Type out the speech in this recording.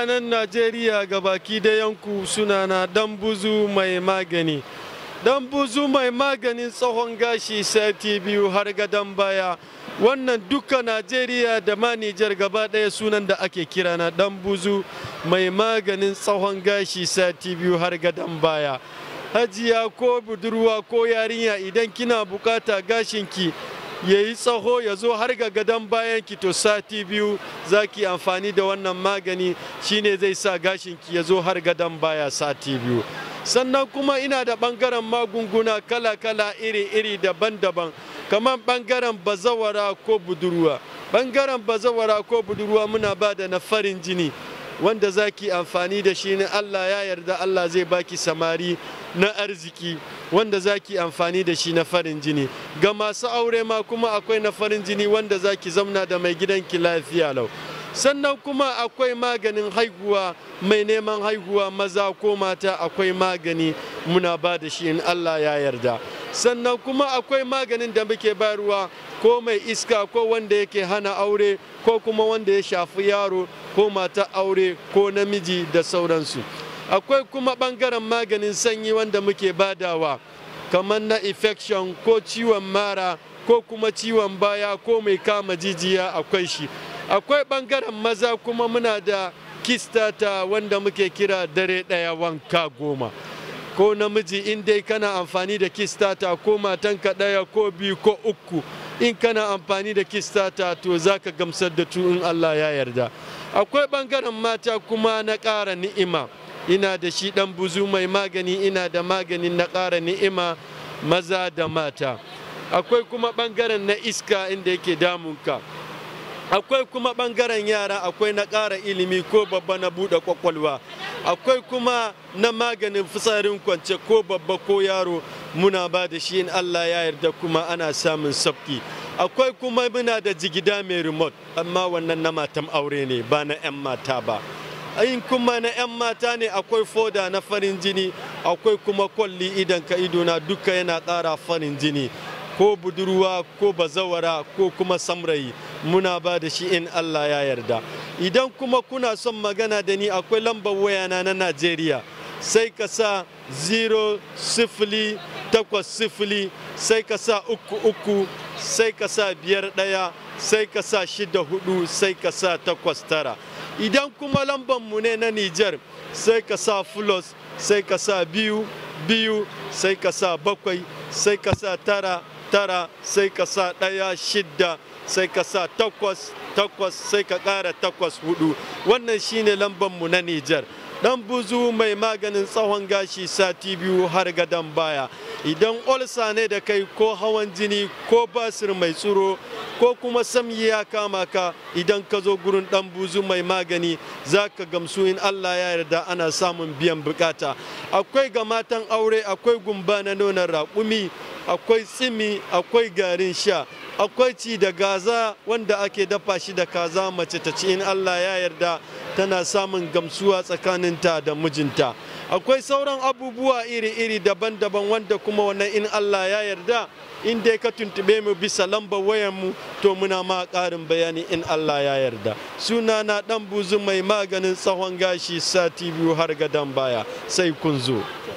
mutanen najeriya ga baki da yanku suna na dan buzu mai magani dan mai maganin tsohon gashi sati biyu har gadon baya wannan duka najeriya da manijar gaba ɗaya sunan da ake kira na dan mai maganin tsohon gashi sati biyu har gadon baya hajiya ko budurwa ko yarinya idan kina bukata gashinki ya yi tsaho ya zo har ga gadon bayan ki to sati biyu za ki amfani da wannan magani shine zai sa gashin ki ya zo har gadon baya sati biyu sannan kuma ina da ɓangaren magunguna kala-kala iri-iri daban-daban kamar ɓangaren bazawara ko budurwa ɓangaren bazawara ko budurwa muna ba da na farin jini wanda za ki amfani da shi ne Allah ya yarda Allah zai baki samari na arziki wanda za ki amfani da shi na farin jini ga masu aure ma kuma akwai na farin jini wanda za ki zamna da mai gidan ki lafiya lau sannan kuma akwai maganin haihuwa mai neman haihuwa maza ko mata akwai magani muna ba da shi in Allah ya yarda sannan kuma akwai maganin da muke bayarwa ko mai iska ko wanda yake hana aure ko kuma wanda ya shafi yaro ko mata aure ko namiji da sauransu akwai kuma ɓangaren maganin sanyi wanda muke badawa kamar na infection ko ciwon mara ko kuma ciwon baya ko mai kama jijiya akwai shi akwai bangaren maza kuma muna da kistata wanda muke kira dare ɗaya wanka goma ko namiji in dai kana amfani da kistata ko matanka ɗaya ko biyu ko uku in kana amfani da kistata to za ka gamsar da tu in Allah ya yarda akwai ɓangaren mata kuma na ƙara ni'ima ina da shi ɗan buzu mai magani ina da magani na ƙara ni'ima maza da mata akwai kuma ɓangaren na iska inda yake damunka akwai kuma bangaren yara akwai na ƙara ilimi ko babba na buɗe kwakwalwa akwai kuma na maganin fitsarin kwance ko babba ko yaro muna ba da shi in allah ya yarda kuma ana samun sabki akwai kuma muna da jigida mai remote amma wannan na matan aure ne ba na 'yan mata ba in kuma na 'yan mata ne akwai foda na farin jini akwai kuma kwalli idan ka idona duka yana ƙara farin jini ko budurwa ko bazawara ko kuma samrayi muna ba da shi in Allah ya yarda idan kuma kuna son magana da ni akwai lambar wayana na Najeriya sai ka sa 0 sifili takwas sifili sai ka sa uku uku sai ka sa biyar ɗaya sai ka sa shida hudu sai ka sa takwas tara idan kuma lambar mu ne na Nijar sai ka sa fulos sai ka sa biyu biyu sai ka sa bakwai sai ka sa tara tara sai ka sa ɗaya shidda sai ka sa takwas takwas sai ka ƙara takwas hudu wannan shine mu na Nijar. dan buzu mai maganin tsawon gashi sati biyu har gadon baya idan olsa ne da kai ko hawan jini ko basir mai tsoro ko kuma samyi ya kama ka idan ka zo gurin dan buzu mai magani za ka gamsu in allah ya yarda ana samun biyan bukata akwai ga matan aure akwai gumba na nonon raƙumi akwai tsimi akwai garin sha akwai ci da gaza wanda ake dafa shi da kaza mace ta ci in allah ya yarda tana samun gamsuwa tsakaninta da mijinta akwai sauran abubuwa iri-iri daban-daban wanda kuma wannan in allah ya yarda in dai ka tuntube mu bisa lambar wayan mu to muna ma ƙarin bayani in allah ya yarda suna na dan buzu mai maganin tsawon gashi sati biyu har gadan baya sai kun zo